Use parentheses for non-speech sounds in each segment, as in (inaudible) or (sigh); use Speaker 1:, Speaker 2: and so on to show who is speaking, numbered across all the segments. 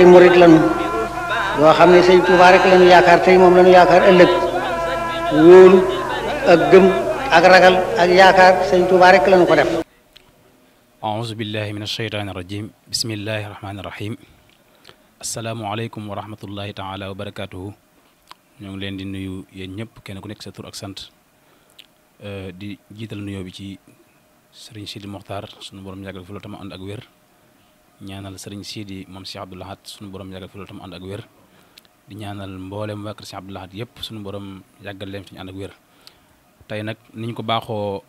Speaker 1: ay murit lañu yoo xam ne sëñ Tuubaa rek lañu tey moom lañu yaakaar ëllëg wóolu ak gëm ak ragal ak yaakaar sëñ ko def
Speaker 2: aouzu billahi min asheytaani rajim bismillahi rahmaani rahim asalaamualeykum wa rahmatullahi taala wa barakatuhu ñoo ngi leen di nuyu yéen ñëpp kenn ku nekk sa tur ak di jiital nuyoo bi ci sëriñ Sidi Moxtaar sunu borom yàggal fu tama ànd ak ñaanal serigne Sidi moom Cheikh Abdou Lahad sunu borom yagal fulatam and ak wér di ñaanal mboolem wakr Cheikh Abdou Lahad yep sunu borom yagal leen ci and ak wér tay nak niñ ko baxo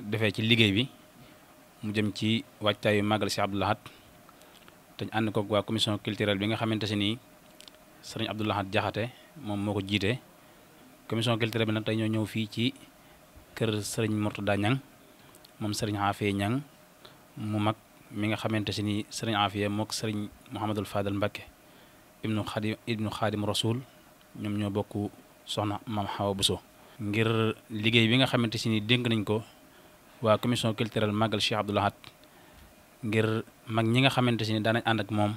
Speaker 2: defé ci liggéey bi mu jëm ci waajtaayu magal Cheikh Abdou Lahad tañ and ko wa commission culturelle bi nga xamanteni serigne nii sëriñ Abdou Lahad Jaxate mom moko jité commission culturelle bi nak tay ñoo ñew fi ci kër serigne Mourtada Ñang mom serigne hafé Ñang mu mag mi nga xamante si ni sëriñ Afiya mook sëriñ Mouhamadul Fadal Mbakke ibnu xadim ibnu xaadim rasul ñoom ñoo bokk soxna maam Xawa Buso ngir liggéey bi nga xamante si ni dénk nañ ko waa commission culturelle Magal Cheikh Abdou Lahad ngir mag ñi nga xamante si ni daanañ ànd ak moom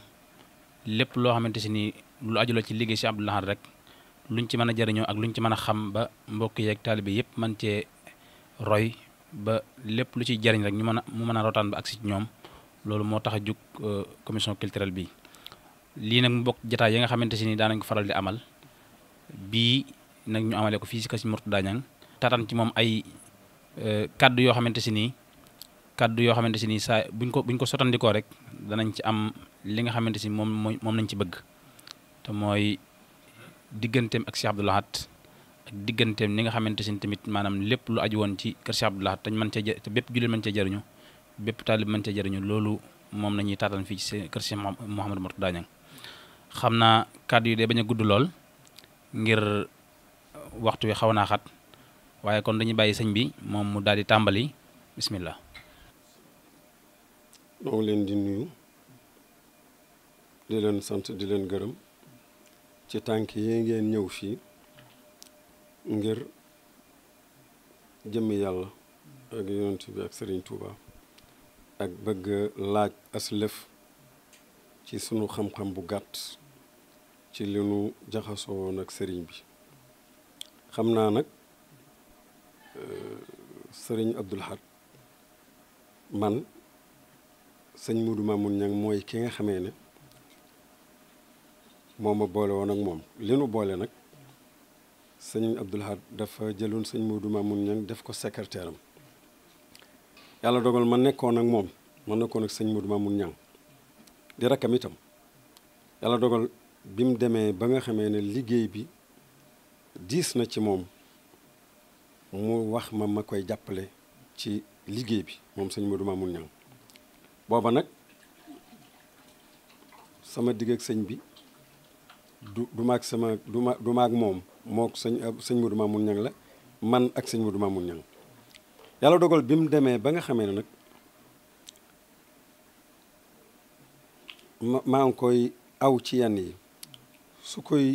Speaker 2: lépp loo xamante si ni lu aju la ci liggéey si Abdou Lahad rek luñ ci mën a jariñoo ak luñ ci mën a xam ba mbokk yeeg taalibe yëpp mën cee roy ba lépp lu ciy jariñ rek ñu mën a mu mën a rotaan ba agsi ñoom loolu moo tax a jug euh, commission culturelle bi lii nag mu bokk jataay yi nga xamante si nii daanañ ko faral di amal bii nag ñu amalee ko fii si Kër Mourtada Niang tataan ci moom ay euh, kàddu yoo xamante si nii kàddu yoo xamante si nii saa buñ ko buñ ko sotandikoo rek danañ ci am li nga xamante si moom mooy moom lañ ci bëgg te mooy digganteem ak Cheikh Abdou Lahad ak digganteem ni nga xamante si ni tamit maanaam lépp lu aju woon ci kër Cheikh Abdou Lahad te mën cee te bépp jullit mën cee jëriñu bépp talib man cee jëriñu lolou mom lañuy tatane fi ci keur Cheikh mohammed Mourtada ñang xamna kaddu yu yi de bañ gudd lol ngir waxtu wi xawna xat waye kon dañuy bayyi señ bi mom mu daldi tambali bismillah.
Speaker 3: maa ngi leen di nuyu di leen sant di leen gërëm ci tank yi ngeen ñew fi ngir jëm yalla ak yoonte bi ak Serigne Touba. ak bëgg laaj aslëf ci sunu xam-xam bu gàtt ci li nu jaxasoo woon ak sëriñ bi xam naa nag euh, sëriñ Abdul Ahad man sëñ Modou Mamoun Niang mooy ki nga xamee ne moo ma boole woon ak moom li nu boole nag sëñ Abdul Ahad dafa jëloon sëñ Modou Mamoun Niang def ko secrétaire yàlla dogal ma nekkoon ak moom ma nekkoon ak sëñ Modou Mamoun Niang di rakkam itam yàlla dogal bi mu demee ba nga xamee ne liggéey bi diis na ci moom mu wax ma ma koy jàppale ci liggéey bi moom sëñ Modou Mamoun Niang booba nag sama digg ak sëñ bi du du maag sama du ma du maag moom moo sëñ sëñ Modou Mamoun Niang la man ak sëñ Modou Mamoun Niang yàlla dogal bi mu demee ba nga xamee ne nag maa ngi koy aw ci yenn yi su koy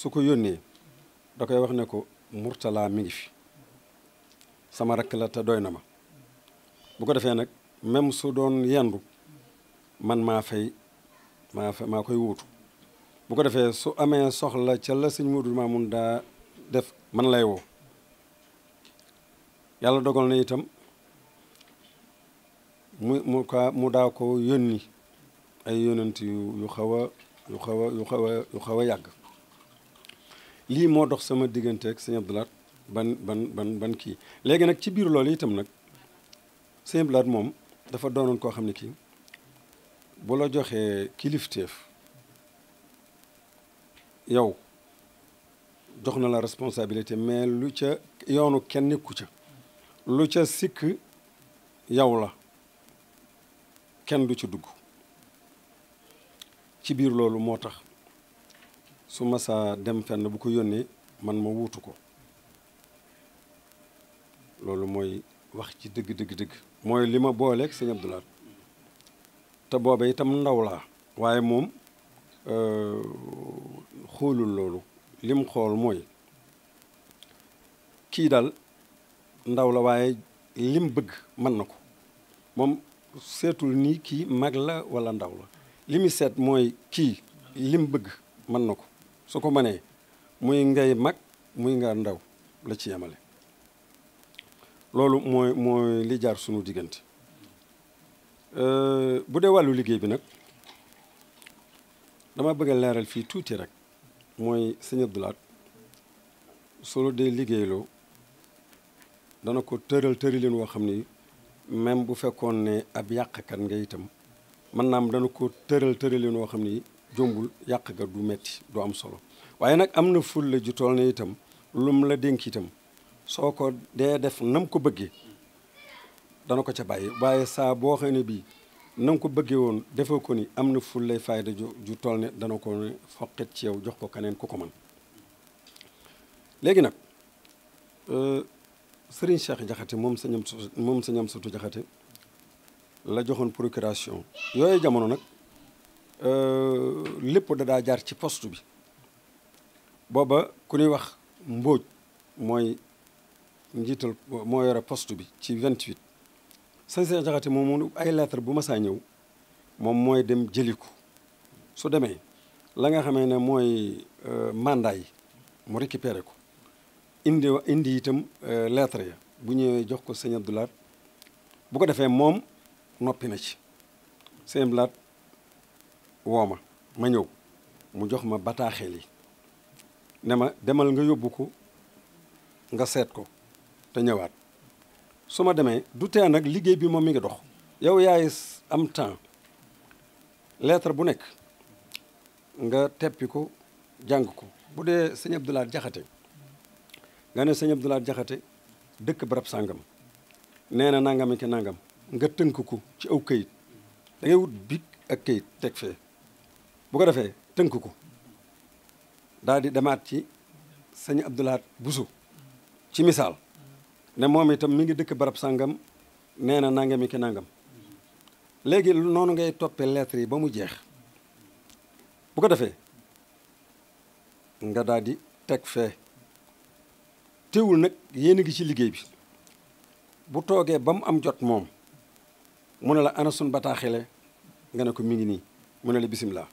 Speaker 3: su ko yónnee da koy wax ne ko Mourtala mi ngi fi sama rakk la te doy na ma bu ko defee nag même su doon yendu man maa fay maa fay koy wuutu bu ko defee su amee soxla ca la sëñ Moodu Maamun daa def man lay woo yàlla dogal na itam mu mu ka mu daa ko yónni ay yónnent yu yu xaw a yu xaw a yu xaw a yu xaw a yàgg lii moo dox sama diggante ak sëñ Abdou ban ban ban kii léegi nag ci biir loolu itam nag sëñ Abdou moom dafa doonoon koo xam ne kii bu la joxee kilifteef yow jox na la responsabilité mais lu ca yoonu kenn nekku ca lu ca sikk yow la kenn du ci dugg ci biir loolu moo tax su masaa dem fenn bu ko yónnee man ma wuutu ko loolu mooy wax ci dëgg dëgg dëgg mooy li ma booleek sëñ Abdoulaat te booba itam ndaw laa waaye moom euh, xoolul loolu lim xool mooy kii daal ndaw la waaye lim bëgg mën na ko moom seetul nii kii mag la walla ndaw la li muy seet mooy kii lim bëgg mën na ko su ko manee muy ngay mag muy nga ndaw la ci yemale loolu mooy mooy li jaar sunu diggante euh, bu dee wàllu liggéey bi nag dama bëgg a leeral fii tuuti rek mooy sëñ Abdoulaat solo dee liggéeyloo dana ko tëral tëralin woo xam ni même bu fekkoon ne ab yàqkat nga itam mën naa am dana ko tëral tëralin woo xam ni jombul yàq ga du metti du am solo waaye nag am na fulla ju tool ne itam lum la dénk soo ko dee def nam ko bëggee dana ko ca bàyyi waaye saa boo xam ne bii nam ko bëggee woon defoo ko ni am na fullay fayda ju ju tool ne dana ko ne foqit ci yow jox ko keneen ku ko man léegi nag euh, sëriñ Cheikh Jaxate moom sëñ am sut moom sëñ am sutu Jaxate la joxoon procuration yooyu jamono nag euh, lépp da daa jaar ci poste bi booba ku ñuy wax mbóoj mooy njiital moo yore poste bi ci 28 sëñ Cheikh Jaxate moom ay lettre bu ma saa ñëw moom mooy dem jëli ko su demee la nga xamee ne mooy euh, mandat yi mu récupéré ko indi indi itam euh, lettre ya bu ñëwee jox ko sëñ Abdoulaat bu ko defee moom noppi na ci sëñ Abdoulaat woo ma ma ñëw mu jox ma bataaxel yi ne ma demal nga yóbbu ko nga seet ko te ñëwaat su ma demee du tee nag liggéey bi moom mi ngi dox yow yaay am temps lettre bu nekk nga teppi ko jàng ko bu dee sëñ Abdoulaat Jaxate nga señ sëñ Jaxate dekk barab sangam neena nangam ki nangam nga teunk ku ci aw keuyit da ngay wut bic ak keuyit tek fe bu ko defé teunk ku daldi demat ci señ Abdoulaye busu ci misal ne mom itam mi ngi dekk barab sangam neena nangam ki nangam legui nonu ngay topé lettre yi ba mu jeex bu ko defé nga daldi di tekfe teewul nek yeen gi ci liggéey bi bu toogee bam am jot moom mu ne la ana sun bataaxele nga ne ko mi ngi nii la bisimilah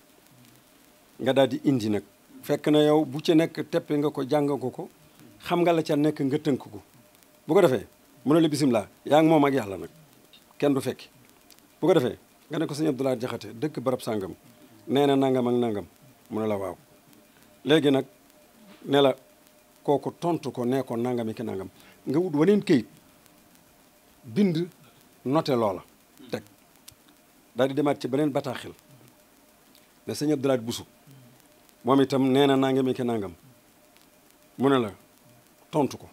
Speaker 3: nga daal di indi nag fekk na yow bu ci nekk teppe nga ko jàng ko ko xam nga la ca nekk nga tënk ko bu ko defee mu ne la bisimilah yaa ngi moom ak yàlla nag kenn du fekki bu ko defee nga ne ko sëñ Jaxate dëkk barab sàngam nee nangam ak nangam mu ne la waaw léegi nag ne kooku tontu ko nee ko nangami ki nangam nga wut waneen këyit bind noté loola teg daal demaat ci beneen bataaxil ne sëñ Abdoulaye Boussou moom itam nee na nangami ki nangam mu ne la tontu ko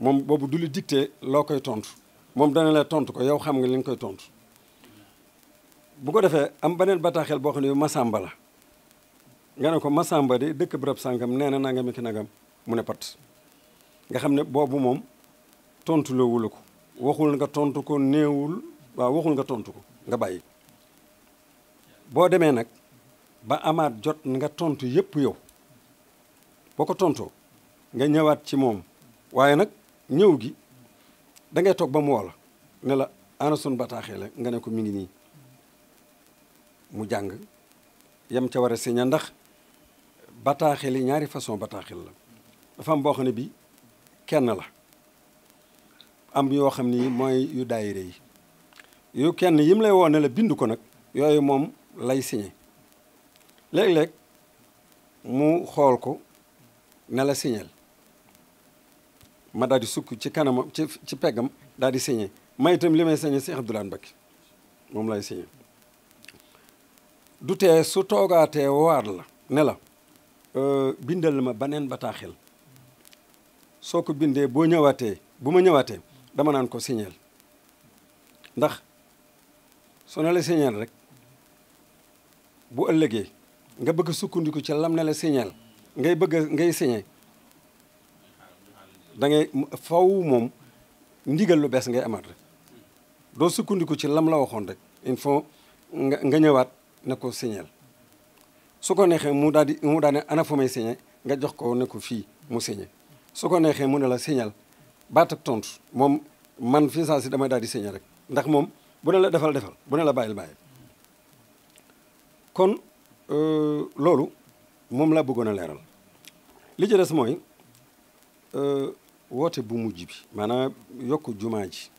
Speaker 3: moom boobu du li dicté loo koy tontu moom dana la tontu ko yow xam nga li nga koy tontu bu ko defee am beneen bataaxel boo xam ne yu Masamba la nga ne ko Masamba di dëkk bërëb sàngam nee na nangami ki nangam mu ne pat nga xam ne boobu moom tontu la wula ko waxul nga tontu ko néewul waaw waxul nga tontu ko nga bàyyi boo demee nag ba amaat jot nga tontu yépp yow boo ko tontoo nga ñëwaat ci moom waaye nag ñëw gi da toog ba mu woola ne la ana sun bataaxee nga ne ko mi ngi nii mu jàng yam ca war a signé ndax bataaxel yi ñaari façon bataaxel la dafa am boo xam ne bi kenn la am yoo xam ni mooy yu daayire yi yu kenn yim lay woone la bind ko nag yooyu moom lay signé léeg-léeg mu xool ko nela la signel ma daal di sukk ci kanamam ci ci peggam daal di signé may itam li may signé si Abdoulaye Mbacké moom lay signé du su toogaatee waar la nela la euh, bindal ma beneen bataaxil soo ko bindee boo ñëwaatee bu ma ñëwaatee dama naan ko siñeel ndax su ne la rek bu ëllëgee nga bëgg sukkandiku ci lam ne la ngay bëgg ngay signé dangay ngay faw moom ndigal lu bees ngay amaat rek doo sukkandiku ci lam la waxoon rek il faut nga nga ñëwaat ne ko signal su ko neexee mu daal di mu daal ne ana fu may signé nga jox ko ne ko fii mu signé. su ko neexee mu ne la señal baata ak tontu moom man fii si damay daal di signal rek ndax moom bu ne la defal defal bu ne la bàyyil bàyyil kon euh, loolu moom laa bëggoon a leeral li ci des mooy euh, woote bu mujj bi maanaam yokk jumaa ji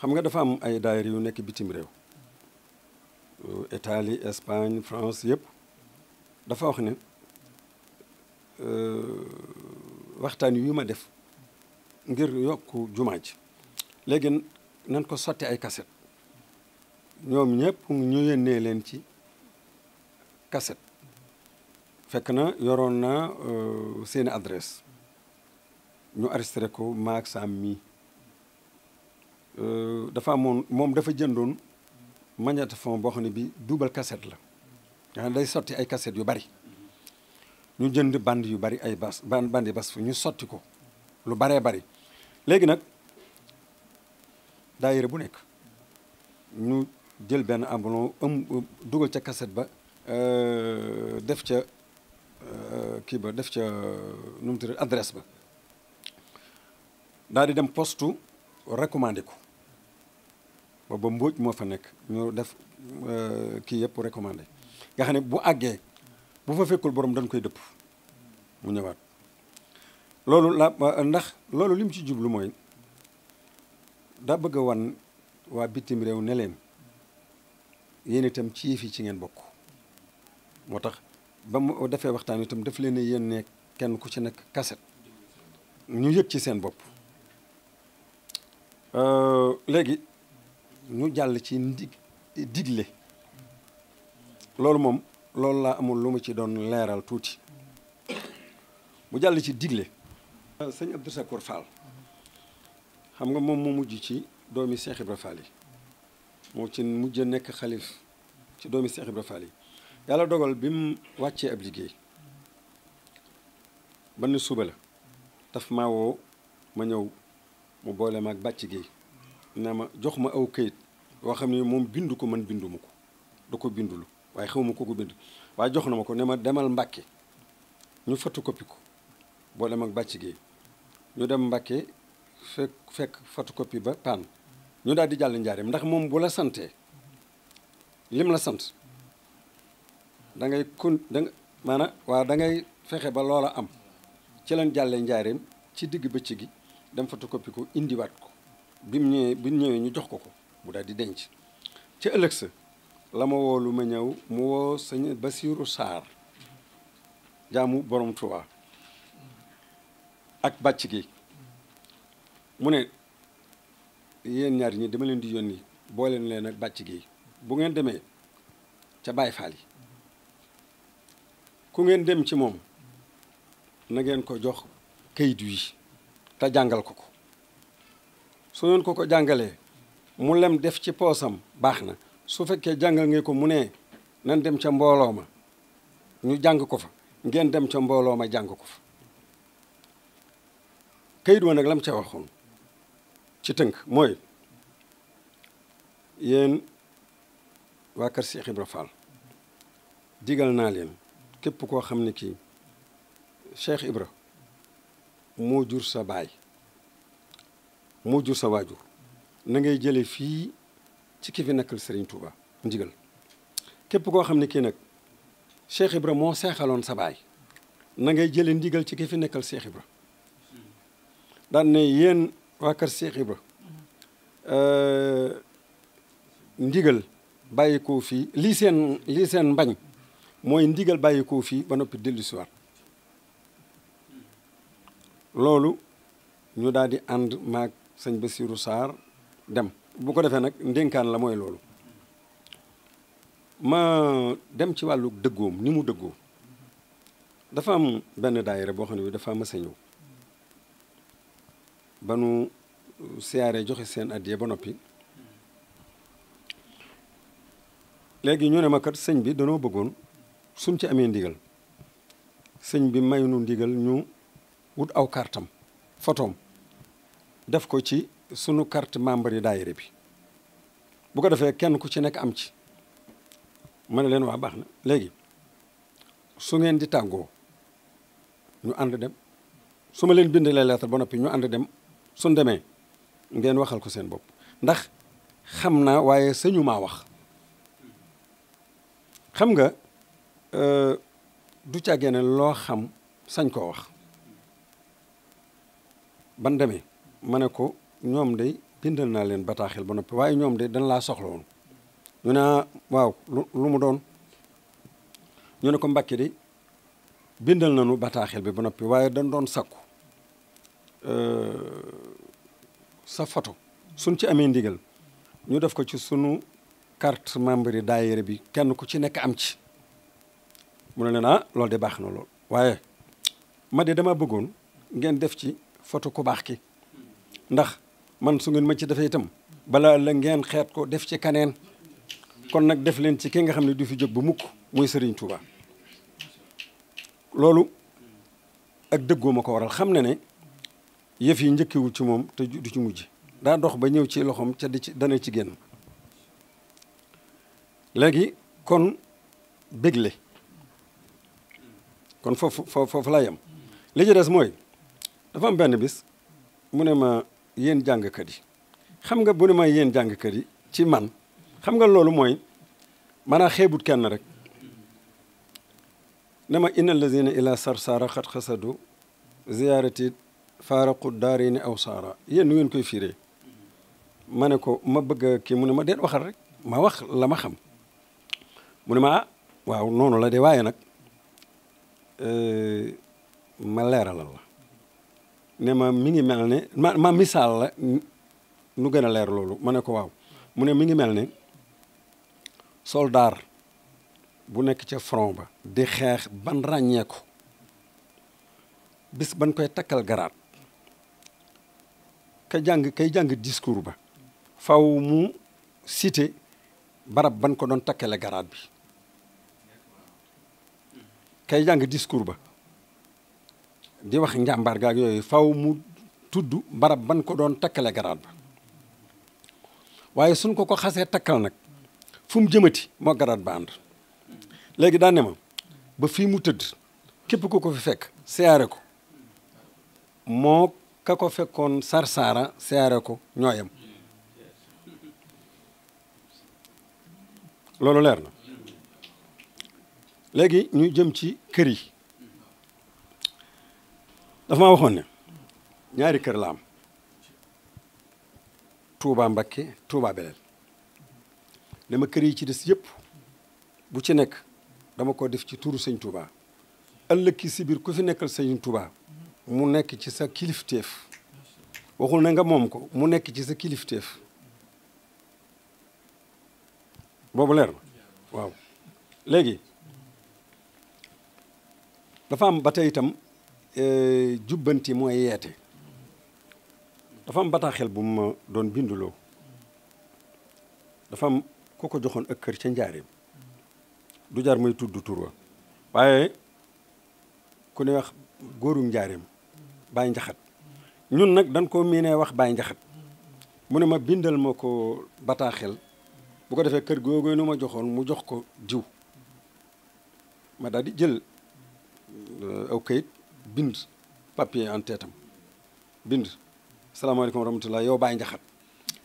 Speaker 3: xam nga dafa am ay daayira yu nekk bitim réew euh, Italie Espagne France yëpp dafa wax ne Euh, waxtaan yu ma def ngir yokk jumaa ji léegi nan ko sotti ay kaset ñoom ñëpp ñu yónnee leen ci kaset fekk na yoroon na euh, seeni adresse ñu arrêté ko maag saam mi euh, dafa amoon moom dafa jëndoon magnétophone boo xam ne bi duubal kaset la nga day sotti ay kaset yu bari ñu jënd band yu bari ay bas bandi bas fu ñu sotti ko lu baree bari léegi nag daayira bu nekk ñu jël benn ambulon ëm dugal ca kaset ba euh, def ca euh, kii ba def ca nu mu tudd ba daal di dem postu recommandé ko ba ba mbóoj moo fa nekk ñu def euh, kii yëpp recommander nga xam ne bu àggee bu fa fekkul boroom dañ koy dëpp mu ñëwaat loolu la ndax loolu lim ci jublu mooy daa bëgga wan waa bitim réew ne leen yéen itam ci yëf yi ci ngeen bokk moo tax ba mu defee waxtaan itam daf leen yéen ne kenn ku ci nekk kaset ñu yëg ci seen bopp euh, léegi ñu jàll ci ndig loolu moom loolu laa amul lu ma ci doon leeral tuuti mu jàll ci digle sëñ Abdou Sakour xam nga moom mu mujj ci doomi Cheikh Ibra yi moo ci mujj nekk xalif ci doomi Cheikh Ibra Fall yi yàlla dogal bi mu wàccee ab liggéey ba ne suba la daf maa ma ñëw mu boole ak bàcc géey ne ma jox ma aw kayit woo xam ne moom bindu ko man binduma ko du ko bindulu waaye xaw ma ko ko bind waaye jox na ma ko ne ma demal Mbàkke ñu photocopie ko boo dem ak bàcc gi ñu dem Mbàkke fekk fekk photocopie ba paan ñu daal di jàll njaareem ndax moom bu la sante lim la sant dangay ngay kon da waa dangay fexe ba loola am ci lañ jàlle njaareem ci digg bëcc gi dem photocopie ko indiwaat ko bi mu ñëwee bi ñëwee ñu jox ko ko bu daal di denc ca ëllëg sa la ma woo lu ma ñëw mu woo sëñ Basiiru Saar jaamu borom Tuubaa ak bàcc gi mu ne yéen ñaar ñi dama leen di yónni booleen leen ak bàcc gi bu ngeen demee ca Baay Faal yi ku ngeen dem ci moom na ngeen ko jox kayit yi te jàngal ko ko soo ngeen ko ko jàngalee mu lem def ci poosam baax na su fekkee jàngal nga ko mu nee nan dem ca mbooloo ma ñu jàng ko fa ngeen dem ca mbooloo ma jàng ko fa kayit wa nag lam ca waxoon ci tënk mooy yéen waa kër Cheikh Ibra Fall digal naa leen képp koo xam ne kii Cheikh Ibra moo jur sa baay moo jur sa waajur na jële fii ci kii fi nekkal Serigne Touba ndigal képp koo xam ne kii nag Cheikh Ibra moo seexaloon sa baay na ngay jëlee ndigal ci ki fi nekkal Cheikh Ibra daan ne yéen waa kër Cheikh Ibra euh, ndigal bàyyi ko fii lii seen lii seen mbañ mooy ndigal bàyyi ko fii ba noppi dellusiwaat loolu ñu daal di ànd maag sëñ Bassirou Sarr dem bu ko defee nag ndénkaan la mooy loolu ma dem ci wàllu dëggoom ni mu dëggoo dafa am benn daayira boo xam ne bi dafa mës a ñëw ba nu siyaaree joxe seen addiya ba noppi léegi ñu ne ma kat sëñ bi danoo bëggoon suñ ci amee ndigal sëñ bi may nu ndigal ñu wut aw kartam fotoom def ko ci sunu carte membre yi yére bi bu ko defee kenn ku ci nekk am ci ma ne leen waa baax na léegi su ngeen di tàggoo ñu ànd dem su ma leen bindalee lettre ba noppi ñu ànd dem suñ demee ngeen waxal ko seen bopp ndax xam naa waaye sëñu maa wax xam nga euh, du càggee ne loo xam sañ koo wax ban demee ma ne ko ñoom de bindal naa leen bataaxel ba noppi waaye ñoom dey dañ laa soxla woon ñu ne waaw lu mu doon ñu ne ko mbàkki de bindal nañu bataaxel bi ba noppi waaye dañ doon sakku euh, sa photo suñ ci amee ndigal ñu def ko ci sunu carte membre yi daayira bi kenn ku ci nekk am ci mu ne leen ah loolu de baax na lool waaye ma de dama bëggoon ngeen def ci photo ku baax ki ndax man su ngeen ma ci defee itam balaa la ngeen xeet ko def ci kaneen kon nag def leen ci ki nga xam ne du fi jóg bu mukk mooy Serigne Touba loolu ak dëggoo ma ko waral xam na ne yëf yi njëkkewul ci moom te du ci mujj daa dox ba ñëw ci loxoom ca di ci dana ci génn léegi kon bégle kon foofu foofu laa yem li ci des mooy dafa am benn bis mu ne ma yéen jàngkat yi xam nga bu ne may yéen jàngkat yi ci man xam nga loolu mooy maanaam xeebut kenn rek ne ma inna allazina ila sarsara xat xasadu ziyaarati faaraqu daarini aw saara yéen nu ngeen koy firee ma ne ko ma bëgg kii mu ne ma deen waxal rek ma wax la ma xam mu ne ma ah waaw noonu la de waaye nag euh, ma leeralal la ne ma mi ngi mel ne ma ma misaal la nu gën a leer loolu ma ne ko waaw mu ne mi ngi mel ne soldaar bu nekk ca front ba di xeex ban ràññeeku bis ban koy takkal garaat ka jàng kay jàng discours ba faw mu cité barab ban ko doon takkale garaat bi kay jàng discours ba di wax njàmbaar gaak yooyu faw mu tudd barab ban ko doon takkale garaat ba waaye suñ ko ko xasee takkal nag fu mu jëmati moo garaat ba ànd léegi daane ne ma ba fii mu tëdd képp ku ko fi fekk siyaare ko moo ka ko fekkoon sarsaara siyaare ko ñooyam loolu leer na léegi ñu jëm ci kër yi dafa maa waxoon ne ñaari kër la am Touba Mbakke Touba Belel dama kër yi ci des yépp bu ci nekk dama ko def ci turu sëñ Touba ëllëg ki si biir ku fi nekkal sañ Touba mu nekk ci sa kilifteef waxul na nga moom ko mu nekk ci sa kilifteef boobu leer waaw léegi dafa am ba tey Eh, jubbanti mooy yeete dafa am bataaxel bu ma doon binduloo dafa am ku ko joxoon ak kër ca njaareem du jar may tudd tur wa waaye ku ne wax góorum njaareem Baye Njaxat ñun nag dañ koo miinee wax Baye Njaxat mu ne ma bindal ma ko bataaxel bu ko defee kër googu nu ma joxoon mu jox ko jiw ma daal di jël eh, aw kayit bind papier en tête am bind salaamaaleykum wa rahmatulah yow Baye Ndiakhate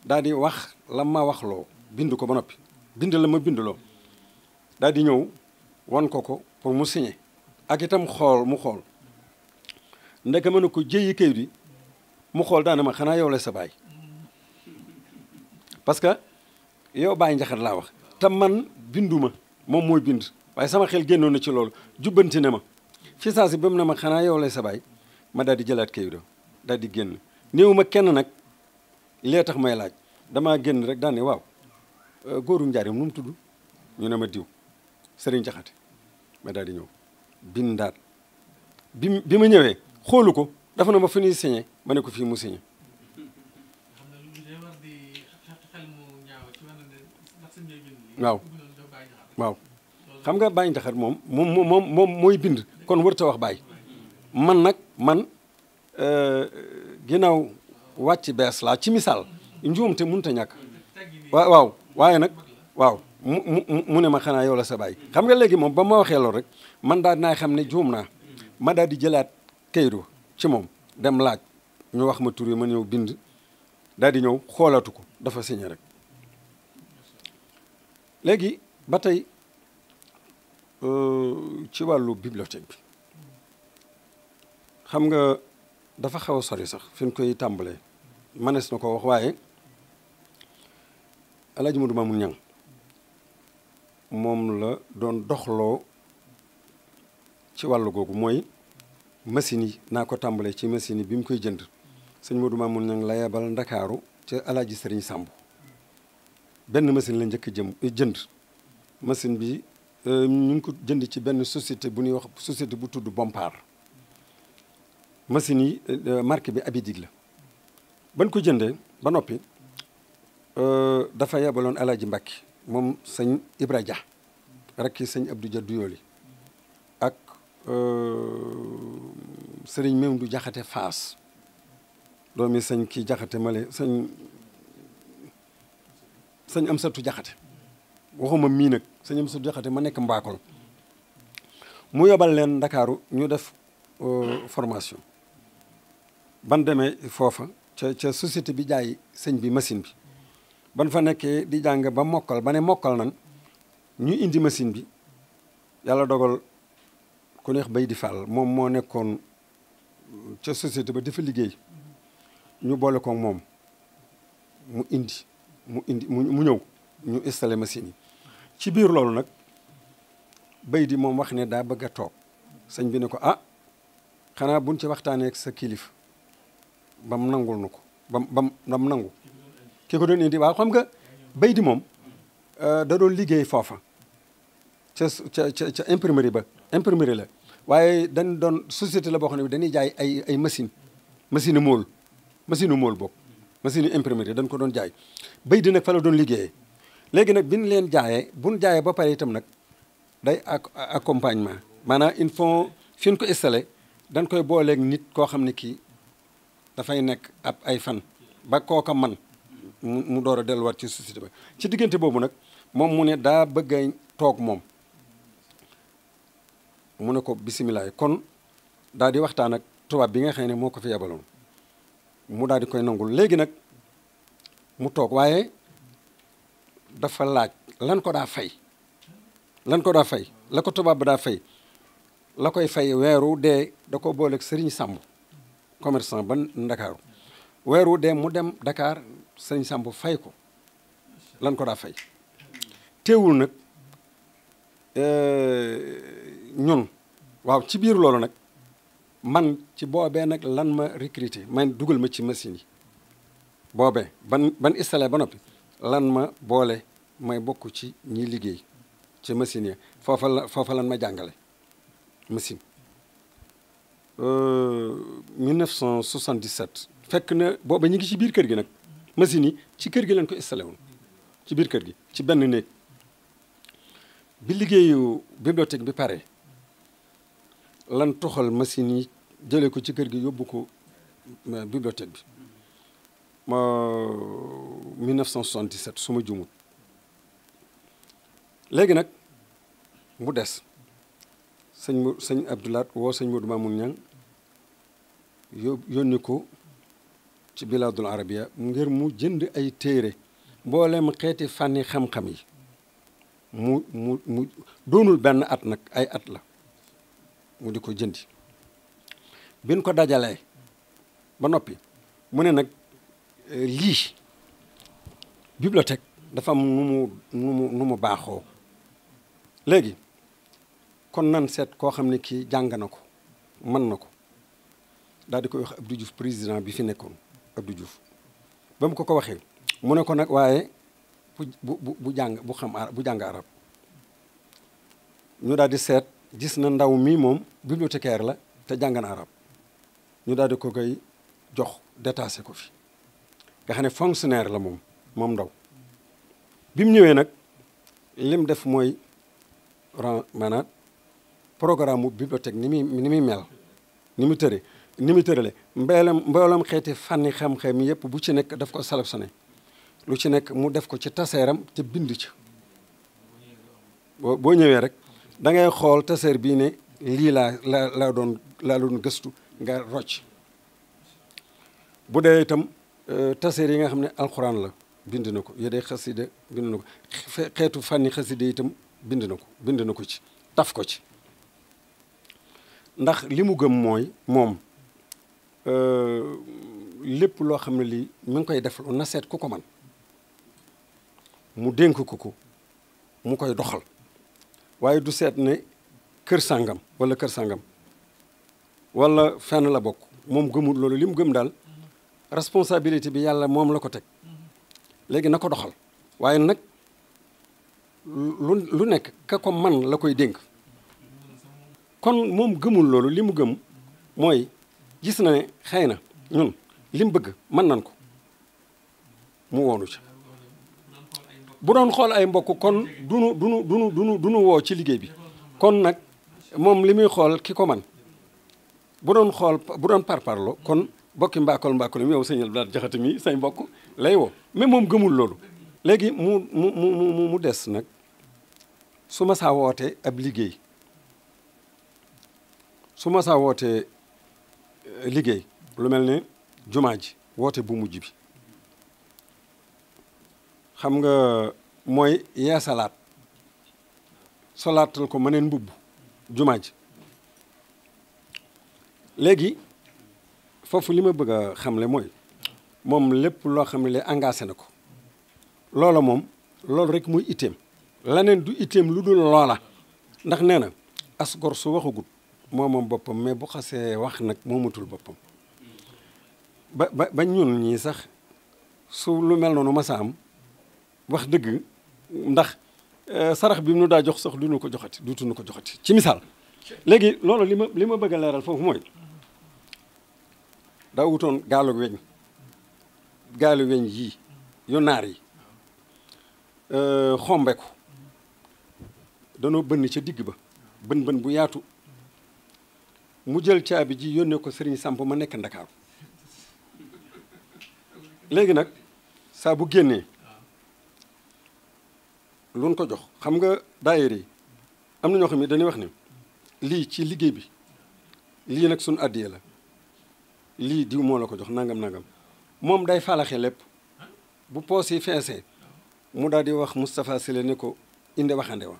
Speaker 3: daal di wax la ma wax loo bind ko ba noppi bind la ma bind loo daal di ñëw wan ko ko pour mu signé ak itam xool mu xool ndeke mën na ko jëyi mu xool daana ma yow la sa baay parce que yow Baye wax man binduma moom mooy bind sama xel génnoon ci loolu jubbanti ma ci sasi si na ma xanaa yow lay sa baay ma daal di jëlaat kayit do daal di génn néew ma kenn nag lee tax may laaj dama génn rek daal ne waaw euh, góoru njaarim num mu tudd ñu ne ma diw sëriñ jaxate ma daal di ñëw bindaat bi bi ma ñëwee xoolu ko dafa na ma ñuy signé ma ne ko fii mu signé waaw waaw xam nga bàyyi njaxat moom moom moom moom mooy bind kon wërta wax bàyyi man nag man euh, ginnaaw wàcc bees laa ci misaal njuumte mënta ñàkk waaw waaw waaye nag waaw mu mu ne ma xanaa yow la sa baay xam nga léegi moom ba ma waxee loolu rek man daal naa xam ne juum naa ma daal di jëlaat kayru ci moom dem laaj ñu wax ma tur yi ma ñëw bind daal di ñëw xoolaatu ko dafa signé rek léegi ba tey Euh, ci wàllu bibliothèque bi xam nga dafa xaw a sori sax fi koy tàmbalee manees na ko wax waaye El Hadj Modou Mamoun Niang moom la doon doxloo ci wàllu googu mooy machine yi naa ko tàmbalee ci machine yi bi mu koy jënd sëñ Modou Mamoun Niang la yebal Ndakaaru ca El Sëriñ Sàmb benn machine la njëkk jëm jënd machine bi Euh, ñu ngi ko jënd ci benn société bu ñuy wax société bu tudd Bompar machine yi euh, marque bi Abidig la ban ko jëndee ba noppi euh, dafa yebaloon El Hadj Mbacke moom sëñ Ibra Dia rek sëñ Abdou Dia Duyooli ak sëriñ Mewndu Jaxate Faas doomi sëñ kii Jaxate male sëñ sëñ Amsatu Jaxate waxuma mii sëñ Amsa Jaxate ma nek mbakol mu yobal leen ndakaaru ñu def euh, formation ban demee fofa ca ca société bi jaay sëñ bi machine bi ban fa nekkee di jang ba mokal bané ne nan ñu indi machine bi yalla dogal ku neex bay di Fall moom moo nekkoon euh, ca société ba dafa liggéey ñu bolé ko mom mu indi mu indi mu ñew ñu installer machine ci biir loolu nag baydi moom wax ne daa bëgg a toog sëñ bi ne ko ah xanaa buñ ci waxtaaneek sa kilif bam nangul nu ko bam bam bam nangu ki ko doon indi waaw xam nga bay di moom euh, da doon liggéey foofa ca ca ca imprimerie ba imprimerie la waaye dan doon société la boo xam ne dañuy jaay ay ay machine machine u mool machine mool boobu machine imprimerie dañ ko doon jaay bay di nag fa la doon liggéeyee léegi nag bi ñu leen jaaye bu ñu jaayee ba pare itam nag day accompagnement maanaam il faut fi ñu ko installé dañ koy booleeg nit koo xam ne kii dafay nekk ab ay fan ba kooka man mu door a delluwaat ci société ba ci diggante boobu nag moom mu ne daa bëgg a toog moom mu ne ko bisimilah kon daal di waxtaan ak tubaab bi nga xam ne moo ko fi yabaloon mu daal di koy nangul léegi nag mu toog waaye dafa laaj lan ko daa fay lan ko daa fay la ko tubaab ba daa fay la koy fay weeru dee da ko booleeg Serigne Samb commerçant ban Ndakaaru weeru dee mu dem dakaar Serigne Samb fay ko lan ko daa fay teewul nag euh, ñun waaw ci biir loolu nag man ci boobee nag lan ma recruter man dugal ma ci machine yi boobe ban ban installé ba noppi lan ma boole may bokk ci ñi liggéey ci machine ya foofa la foofa lan ma jàngale machine 1977 euh, fekk na booba ñu ngi ci biir kër gi nag machine yi ci kër gi lañ ko installé woon ci biir kër gi ci benn néeg bi liggéeyu bibliothèque bi pare lan toxal machine yi jëlee ko ci kër gi yóbbu ko euh, bibliothèque bi ma 1977 su ma jumut léegi nag mu des sëñ mu sëñ Abdoulaat woo sëñ Modou Mamoun Niang yo yónni ko ci bilaadul arabia ngir mu jënd ay téere mboolem xeeti fànni xam-xam yi mu mu mu doonul benn at nag ay at la mu di ko jëndi bin ko dajalee ba noppi mu ne nag eh, lii bibliothèque dafa am nu mu nu mu nu mu baaxoo léegi kon nan seet koo xam ne kii jàng na ko mën na ko daal di koy wax Abdou Diouf président bi fi nekkoon Abdou Diouf ba mu ko ko waxee mu ne ko nag waaye bu bu bu jàng bu xam bu jàng arab ñu daal seet gis na ndaw mii moom bibliothécaire la te jàng arab ñu daal di ko koy jox détaché ko fi nga xam ne fonctionnaire la moom moom ndaw bi mu ñëwee nag lim def mooy. ren maanaam programme mu bibliothèque ni muy ni muy mel ni mu tëre ni mu tërale mbeelam mbeelam xeeti fànni xam-xam yëpp bu ci nekk daf ko sélectionné lu ci nekk mu def ko ci taseeram te bind ci boo boo rek da ngay xool taseer bii ne lii laa la doon laa doon gëstu nga rocc bu dee itam taseer yi nga xam ne la bind na ko yédee xasida bind na ko fànni xasida itam bind na ko bind na ko ci taf ko ci ndax li mu gëm mooy moom euh, lépp loo xam ne lii mi ngi koy def na seet ku ko man mu dénk ko ko mu koy doxal waaye du seet ne kër sàngam wala kër sàngam wala fenn la bokk moom gëmul loolu li mu gëm daal responsabilité bi yàlla moom la ko teg mm-hmm. léegi na ko doxal waaye nag lu lu nekk ka ko man la koy dénk kon moom gëmul loolu li mu gëm mooy gis na ne xëy na ñun li mu bëgg mën nañ ko mu woonu ci bu doon xool ay mbokk kon dunu dunu dunu du nu woo ci liggéey bi kon nag moom li muy xool ki ko man bu doon xool bu doon parparloo kon bokki mbaakol mbaakol mi yow sëñal daal jaxati mi say mbokk lay woo mais moom gëmul loolu léegi mu mu mu mu des nag su ma saa wootee ab liggéey su ma saa wootee eh, liggéey lu mel ni jumaa ji woote bu mujj bi xam nga mooy yeesalaat solaatal ko mëneen mbubb jumaa ji léegi foofu li ma bëgg a xamle mooy moom lépp loo xam ne engagé na ko loolo moom loolu rek muy itteem laneen du itteem lu dul loola ndax nee na as su waxagut moo moom boppam mais bu xasee wax nag moomatul boppam ba ba ba ñun ñii sax su lu mel noonu masa am wax dëgg ndax euh, sarax bi mu nu daa jox sax duñu ko joxati duutuñu ko joxati ci misaal léegi loolu li ma li ma bëgg a leeral foofu mooy daa wutoon gaalu weñ gaalu weñ yii yu naar yi euh, xombe ko danoo bënn ca digg ba bën bën bu yaatu mu jël caabi ji yónnee ko sëriñ Samb ma nekk Ndakaaru léegi nag saa bu génnee luñ ko jox xam nga daayira yi am na ñoo xam ne dañuy wax ni lii ci liggéey bi lii nag suñu àddiyee la lii diw moo la ko jox nangam nangam moom day faalaxe lépp bu poos yi feesee mu daal di wax si Sile ne ko inde waxande wa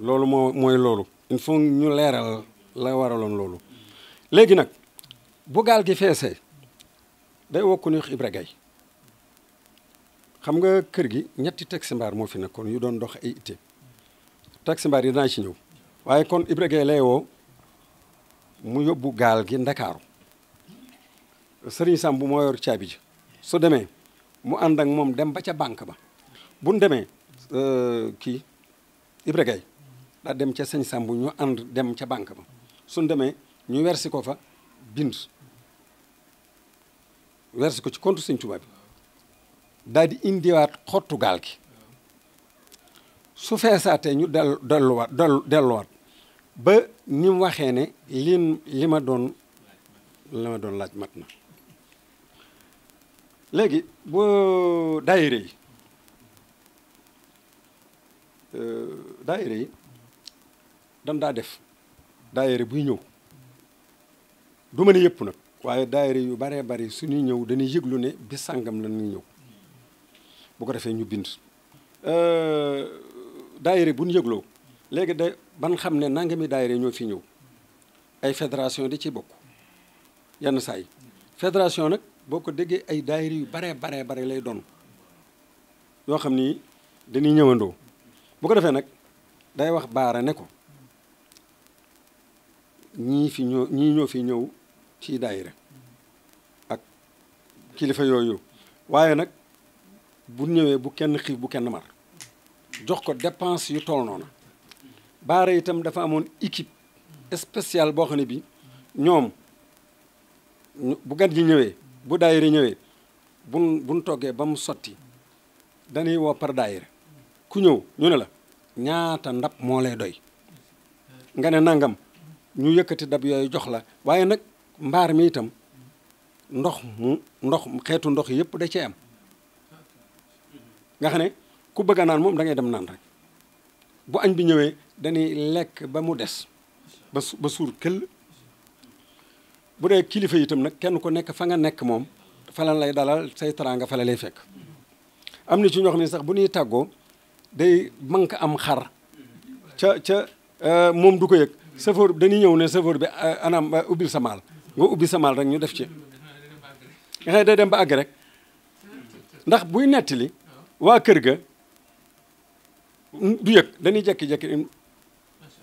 Speaker 3: loolu moo mooy loolu il faut ñu leeral la waraloon loolu léegi nag bu gaal gi feesee day wokku ni Ibra Gaye xam nga kër gi ñetti taxi mbaar moo fi nekkoon yu doon dox ay itte taxi mbaar yi dinaa ci ñëw waaye kon Ibra Gaye lay woo mu yóbbu gaal gi ndakaaru sëriñ Samb moo yor caabi ji su demee mu ànd ak moom dem ba ca banque ba bu ñu demee euh, kii Ibra Gaye daa dem ca sëñ Samb ñu ànd dem ca banque ba suñ demee ñu wersi ko fa bind wersi ko ci compte sëñ Tuubaa bi daal indiwaat xottu gaal gi su feesaatee ñu del delluwaat delluwaat ba ni waxee ne lin li ma doon li ma doon laaj mat na léegi boo daayira yi euh, daayira yi dan daa def daayere buy ñëw du ma ne yëpp nag waaye daayere yu baree bari suñuy ñëw dañuy yëglu ne bi sàngam la ñuy ñëw bu ko defee ñu bind euh, daayere bu ñu yëgloo léegi de ban xam ne nangami daayere ñoo fi ñëw ay fédération di ci bokk yenn saa yi fédération nag boo ko déggee ay daayere yu baree baree bare lay doon yoo xam ni dañuy ñëwandoo bu ko defee nag day wax baara ne ko ñii fi ñoo ñii ñoo fi ñëw ci daayira ak kilifa yooyu waaye nag bu ñëwee bu kenn xiif bu kenn mar jox ko dépense yu toll noonu baare itam dafa amoon équipe spéciale boo xam ne bi ñoom bu gan ji ñëwee bu daayira ñëwee bu buñ toggee ba mu sotti dañuy woo par daayira ku ñëw ñu ne la ñaata ndab moo lay doy nga ne nangam ñu yëkkati dab yooyu jox la waaye nag mbaar mi itam ndox mu ndox xeetu ndox yëpp da cee am nga xam ne ku bëgg a naan moom dangay dem naan rek bu añ bi ñëwee dañuy lekk ba mu des ba suur këll bu dee kilifa yitam nag kenn ku nekk fa nga nekk moom falan lay dalal say teraanga fa la lay fekk am na ci ñoo xam ne sax bu ñuy tàggoo day manque am xar ca ca euh, moom du ko yëg bi dañuy ñëw ne chauffeur bi eh, anam eh, ubbil sa maal nga ubbi sa maal rek ñu def ci nga xam day dem ba àgg rek ndax buy nettili waa kër ga du yëg dañuy jekki-jekki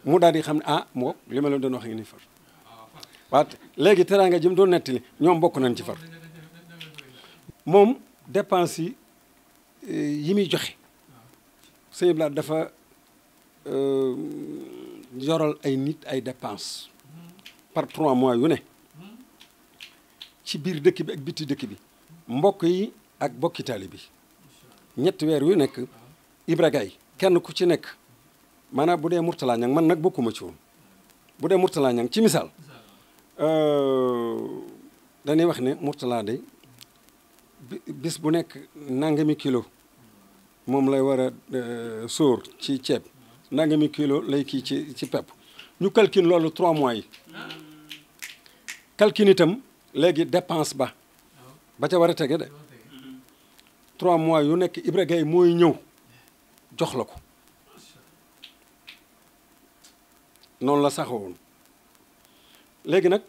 Speaker 3: mu daal di xam ne ah moo li ma leen doon wax ngi léegi far waaw léegi jëm doon nettali ñoom bokk nañ ci far moom dépense yi eh, yi muy joxe sëñ Blaat dafa euh, joral ay nit ay dépense par trois mois yu ne ci biir dëkk bi ak biti dëkk bi mbokk yi ak bokki taali bi ñetti weer yu nekk Ibra Gaye kenn ku ci nekk maanaam bu dee Mourtala Niang man nag bokkuma ci woon bu dee Mourtala Niang ci misaal euh, danay wax ne Mourtala day bis bu nekk nangami kilo moom lay war a euh, sóor ci ceeb nangami kilo lay kii ci ci pepp ñu calcule loolu trois mois yi calcule itam léegi dépense ba ba ca war a tege de trois mois yu nekk Ibra Gaye mooy ñëw jox la ko noonu la saxawoon léegi nag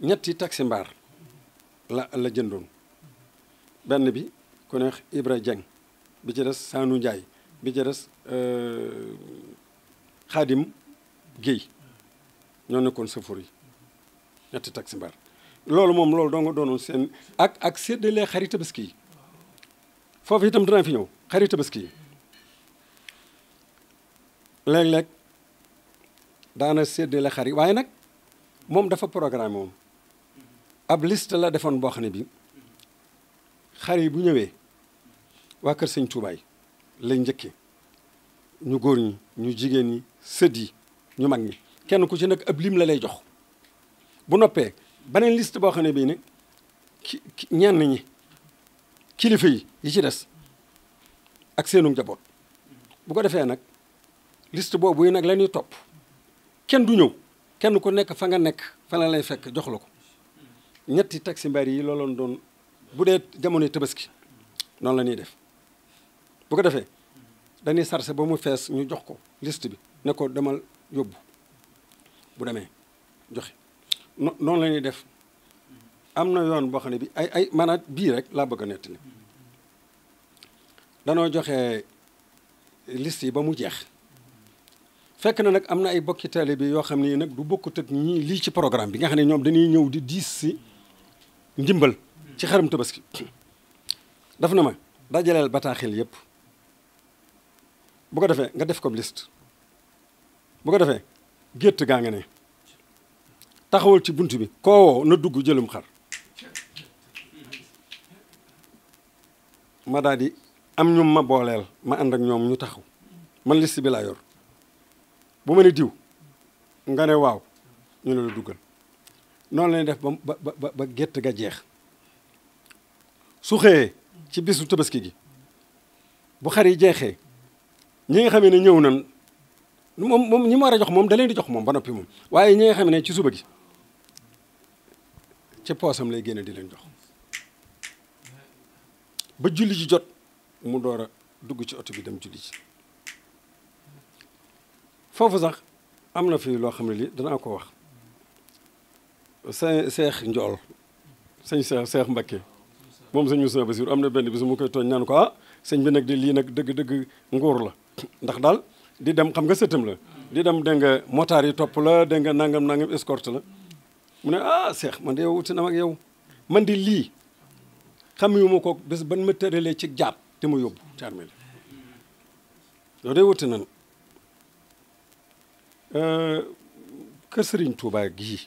Speaker 3: ñetti taxi mbaar la la jëndoon benn bi ku neex Ibra Dieng bi ci dess sanu Ndiaye bi ci euh Khadim Guèye ñoo nekkoon sëfur yi ñett taxi lolu mom lolu do nga sen ak ak séddalee xari tabaski yi foofu itam dina fi ñew xari tabaski leg leg léeg daana séddale xar yi waaye nag dafa programme mom ab liste la defon bo bi xari bu waa kër sëñ Touba yi lay njëkkee ñu góor ñi ñu jigéen ñi sët yi ñu mag ñi kenn ku ci nekk ab lim la lay jox bu noppee beneen liste boo xam ne bii ne ki ñenn ñi kilifa yi ci des ak seenu njaboot bu ko defee nag liste boobu yi nag la topp kenn du ñëw kenn ku nekk fa nga nekk fa la lay fekk jox la ko ñetti taxi mbari yi looloon doon bu dee jamono tabaski noonu la ñuy def bu ko defee danuy sarse ba mu fees ñu jox ko list bi ne ko demal yóbbu bu demee joxe noonu la ñuy def am na yoon boo xam ne bi ay ay maanaam bii rek laa bëgg a nettali danoo joxe list yi ba mu jeex fekk na nag am na ay bokki taalibe bi yoo xam ne nag du bokkut ak ñii lii ci programme bi nga xam ne ñoom dañuy ñëw di diis si ndimbal ci xaram tabaski daf na ma dajaleel bataaxel yëpp bu ko defee nga def ko liste bu ko defee gétt gaa nga ne taxawul ci bunt bi koo na dugg jëlum xar ma daal am ñu ma booleel ma ànd ak ñoom ñu taxaw man liste bi laa yor bu ma ne diw nga ne waaw ñu ne la duggal noonu lañuy def ba ba ba gétt ga jeex su xëyee ci bisu tabaski gi bu xar yi jeexee ñi nga xamee ne ñëw nan moom moom ñi mu war a jox moom da leen di jox moom ba noppi moom waaye ñi nga xam ne ci suba gi ci poosam lay génne di leen jox ba julli ji jot mu door a dugg ci oto bi dem julli ji foofu sax am na fi loo xam ne lii danaa ko wax sa seex njool sëñ seex seex Mbakke moom sëñ Moussa Basir am na benn bis mu koy tooñ naan ko ah sëñ bi nag di lii nag dëgg-dëgg nguur la ndax daal di dem xam nga sëtam la di dem dégg nga motaar yi topp la dégg nga nangam nangam escorte la mu ne ah Cheikh man de yow wuti na ak yow man di lii xam xamewuma ko bés ban ma tëralee ci jaab te ma yóbbu ci armée la loolu day wuti nan euh, kër Serigne gii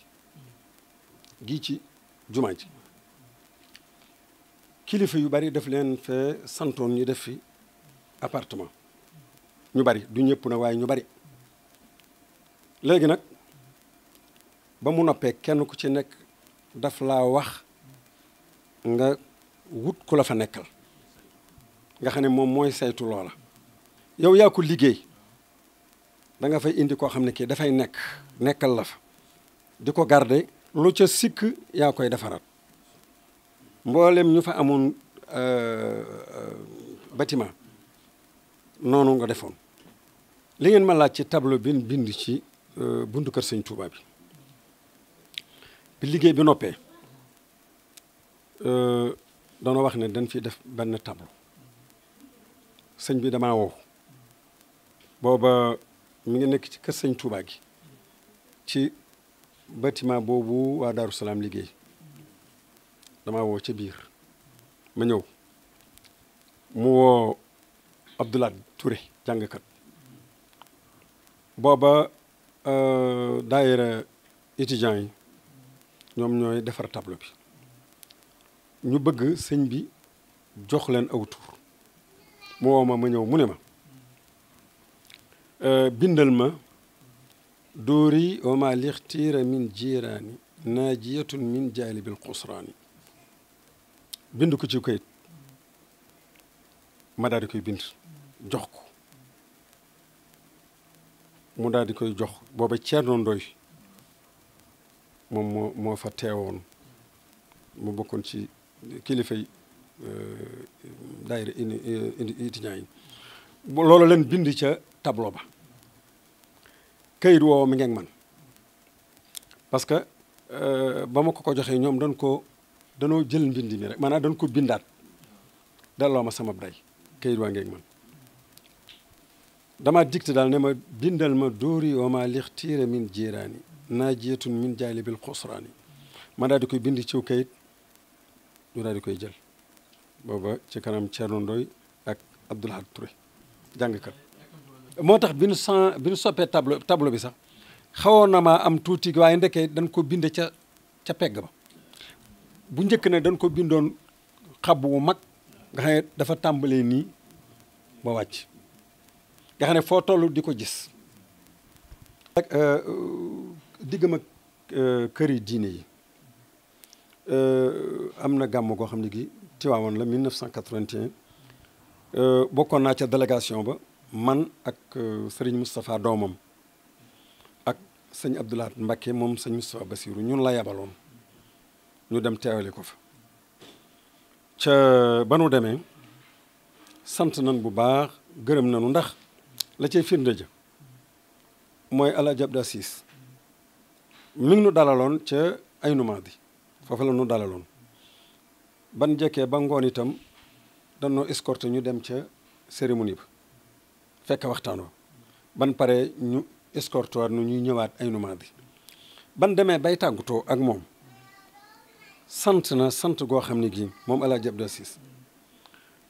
Speaker 3: gii ci jumaa ji kilifa yu bari def leen fee santoon ñu def fi apartement ñu bari du ñëpp nag waaye ñu bari léegi nag ba mu noppee kenn ku ci nekk daf laa wax nga wut ku la fa nekkal nga xam ne moom mooy saytu loola yow yaa ko liggéey danga fa indi koo xam ne kii dafay nekk nekkal la fa di ko garde lu ca sikk yaa koy defaraat mboolem ñu fa amoon euh, euh, bâtiment noonu nga defoon li ngeen ma laaj ci tableau bi bind ci euh, buntu kër sëñ Touba bi bi liggéey bi noppee euh, dana wax ne dañ fi def benn tableau sëñ bi dama wow booba mu ngi nekk ci kër sëñ Touba gi ci bâtiment boobu waa Daaru Salaam liggéey dama woo ca biir ma ñëw mu woo Abdoulaye Touré jàngkat booba daayira étudiants yi ñoom ñooy defar tableau bi ñu bëgg sëñ bi jox leen aw tur mu woo ma ma ñëw mu ne ma bindal ma dóori wa ma lixtiira min jiiraani naajiyatun min jaalibil xusraani bind ko ci kayit ma daal di koy bind jox ko mu daal di koy jox booba Ceerno Ndoy moom moo moo fa teewoon mu bokkoon ci kilifa yi euh, daayira indi étudiants yi loolu leen bind ca tableau ba kayit woowa mi ngeeg man parce que euh, ba ma ko ko joxee ñoom dañ ko danoo jël mbind mi rek maanaam dañ ko bindaat delloo ma sama day kayit waa ngeeg man dama dicté dal ne ma bindal ma duri o ma lixtire min jirani na jietun min jaalibil xusraani ma daal di koy bind ciw kayit du daal di koy jël boba ci kanam cerno ndoy ak Abdoul Ahad Touré jang kat motax bi san bi sopé tableau tableau bi sax xawona ma am touti way ndeke dañ ko binde ca ca pegg ba bu ñëk ne dañ ko bindon xabu mak nga dafa tambalé ni ba wàcc nga xam ne foo toll di ko gis nag euh, diggam ak euh, kër yi diine yi euh, am na gàmm goo xam ne gi Tiwaawoon la 1981 bokkoon naa ca délégation ba man ak sëriñ Moustapha doomam ak sëñ Abdoulaat Mbakke moom sëñ Moustapha Bassirou ñun la yabaloon ñu dem teewali ko fa ca ba nu demee sant nan bu baax gërëm nañu ndax la cay firnde ja mooy Alaaji Abdu Asiis mi nu dalaloon ca ay numaa foofu la nu dalaloon ban jekkee ba ngoon itam danoo escorté ñu dem ca cérémonie ba fekk waxtaan wa ban pare ñu escorté waat nu ñuy ñëwaat ay numaa ban demee bay tàggutoo ak moom sant na sant goo xam ne gii moom Alaaji Abdu Asiis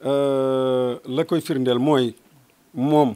Speaker 3: euh, la koy firndeel mooy moom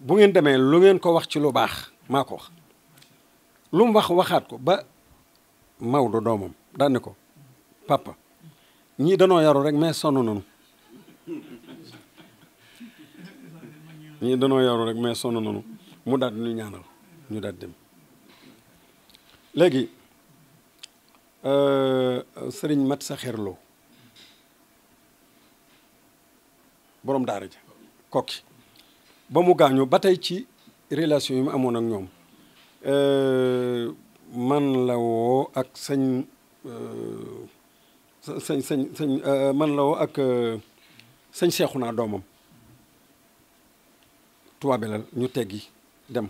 Speaker 3: bu ngeen demee lu ngeen ko wax ci lu baax maa ko wax lu mu wax waxaat ko ba Maodo doomam daan ko papa ñii danoo yaru rek mais sonn nañu (laughs) ñii danoo yaru rek mais sonn nañu mu daal ñu ñaanal ñu daal dem léegi euh, sëriñ mat sa xerloo borom daara ja kokki ba mu gaañoo ba tey ci relation yi mu amoon ak ñoom euh, man la woo ak sañ sañ sañ sañ man la woo ak euh, sañ seexu naa doomam tubaab la ñu teggi dem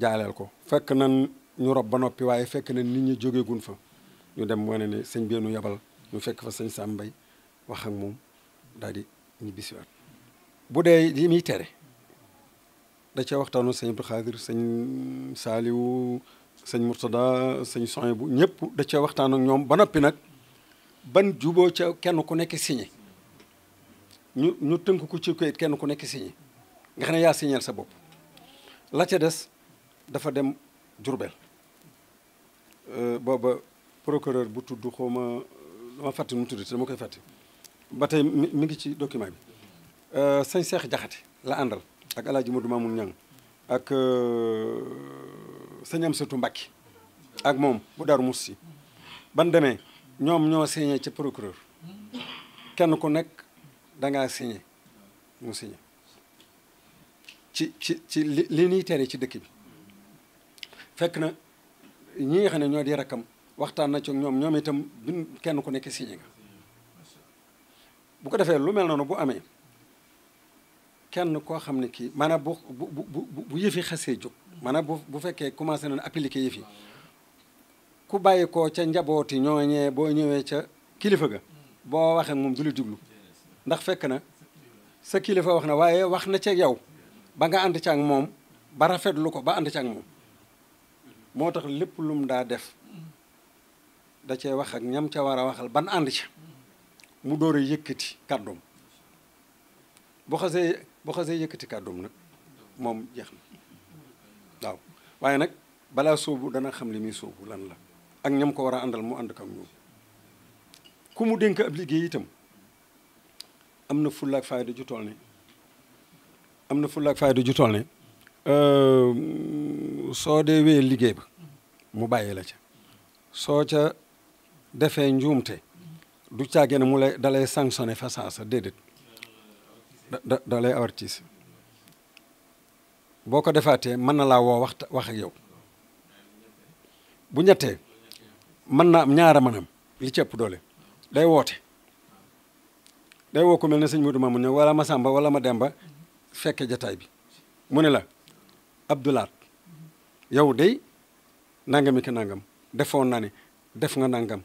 Speaker 3: jaaleel ko fekk nan ñu rob ba noppi waaye fekk na nit ñi jógeegun fa ñu dem wane ne sëñ beenu yabal ñu fekk fa sëñ Sam Mbaye wax ak moom daal di ñibbisiwaat bu dee li muy tere da cee waxtaanu sëñ Abdou Khadir sëñ Saaliwu sëñ Murtada sëñ Soin bu ñëpp da cee waxtaan ak ñoom ba noppi nag ban juboo ca kenn ku nekk signé ñu ñu tënk ko ci kayit kenn ku nekk signé nga xam ne yaa signeel sa bopp la ca des dafa dem Jurbel euh, booba procureur bu tudd xaw ma dama fàtte nu mu tudd te dama koy fàtte ba tey mu ngi ci document bi Euh, sëñ Cheikh Jaxate la andal ak aladji Modou Mamoun ñang ak am euh, Amsatou Mbacké ak mom bu musi. Moussi ban demee ñom ñoo signé ci procureur kenn ku nek da nga signé mu signé ci ci ci li li ci dëkk bi fekk na ñi nga di rakam. waxtaan na ci ñom ñom itam kenn ku nek signé nga bu ko defé lu mel nonu bu amé kenn koo xam ne kii man maanaam bu bu bu bu yëfi xasee jóg maanaam bu bu fekkee commencé nañ appliquer yëfi ku bàyyi ko ca njabooti ñooñee boo ñëwee ca kilifa ga boo waxee moom du la jublu ndax fekk na sa kilifa wax na waaye wax na ceeg yow ba nga ànd ci ak moom ba rafetlu ko ba ànd ci moo tax lépp lum daa def da cee wax ak ñam ca war a waxal ban ànd ci mu door a yëkkati kàddoom bu xasee boo xasee yëkkati kàddoom nag moom jeex na waaw waaye nag balaa sóobu dana xam li muy sóobu lan la ak ñam ko war a àndal mu ànd kam ñoom ku mu dénk ab liggéey itam am na fulla ak fayda ju toll am na fulla ak fayda ju toll ne euh, soo dee wee liggéey ba mu bàyyi la ca soo ca defee njuumte du caage ne mu lay dalay sanctionné fa saasa déedéet da da lay Boko defate man defaatee mën na laa woo wax wax ak yow bu ñatte man na am ñaara manam li ci doole day wote day wo ko melni seigne Modou mamou ne wala ma Samba wala ma Demba fekke jotaay bi mu ne la abdoulat yow day nangami ki nangam defo na ne def nga nangam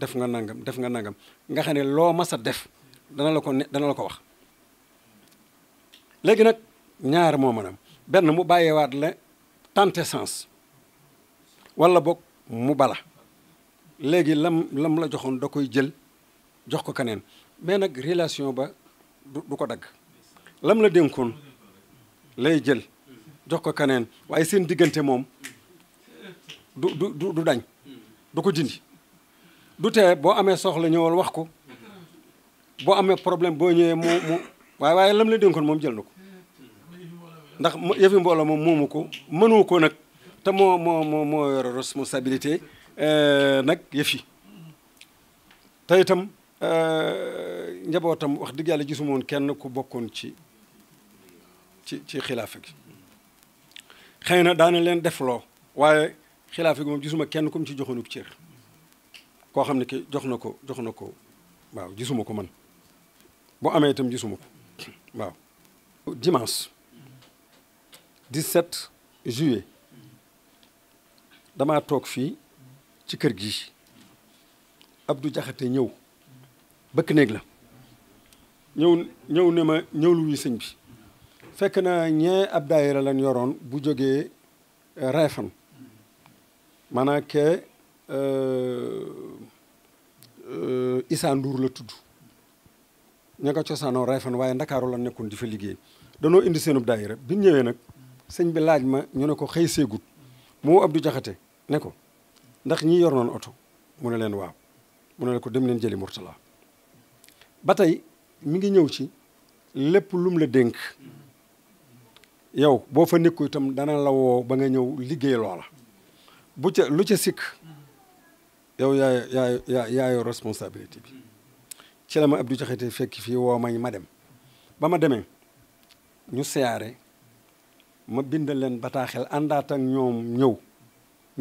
Speaker 3: def nga nangam def nga nangam nga xane lo massa def dana la ko dana la ko wax léegi nag ñaar moo am benn mu bàyyeewaat la tante sens walla boog mu bala léegi lam lam la joxoon da koy jël jox ko keneen mais nag relation ba du ko dagg lam la dénkoon lay jël jox ko keneen waaye seen diggante moom du du du dañ du ko dindi du tee boo amee soxla ñëwal wax ko boo amee problème boo ñëwee mu mu waaye waaye lam la dénkoon moom jël na ko ndax yëfi mbooloo moom moomu ko mënoo ko nag te moo moo moo moo responsabilité euh, nag yëfi te itam euh, njabootam wax dëgg yàlla gisuma woon kenn ku bokkoon ci ci ci xilaafa gi xëy na daana leen defloo waaye xilaafa gi moom gisuma kenn ku mu ci joxoonu cër koo xam ne ki jox na ko jox na ko waaw gisuma ko man bu amee itam gisuma ko waaw dimanche 17 juillet dama toog fii ci kër gi Abdou Jaxate ñëw bëkk néeg la ñëw ñëw ne ma ñëwlu wuy sëñ bi fekk na ñee ab daayira lañ yoroon bu jógee euh, reefan maanaam ke euh, euh, Issa Ndour la tudd ña nga cosaanoo Rayfan waaye Ndakaaru la nekkoon di fa liggéey danoo indi seenub daayira bi ñëwee nag sëñ bi laaj ma ñu ne ko xëy seegut moo Abdou Jaxate ne ko ndax ñi yor noon oto mu ne leen waaw mu ne leen ko dem leen jëli Mourtala ba tey mi ngi ñëw ci lépp lum la dénk yow boo fa nekku itam dana la woo ba nga ñëw liggéey loola bu ca lu ca sikk yow yaa yaa yaa yaa yor responsabilité bi ci la ma Abdou Jaxate fekk fii woo mañ ma dem ba ma demee ñu siyaare ma bindal leen bataaxel àndaat ak ñoom ñëw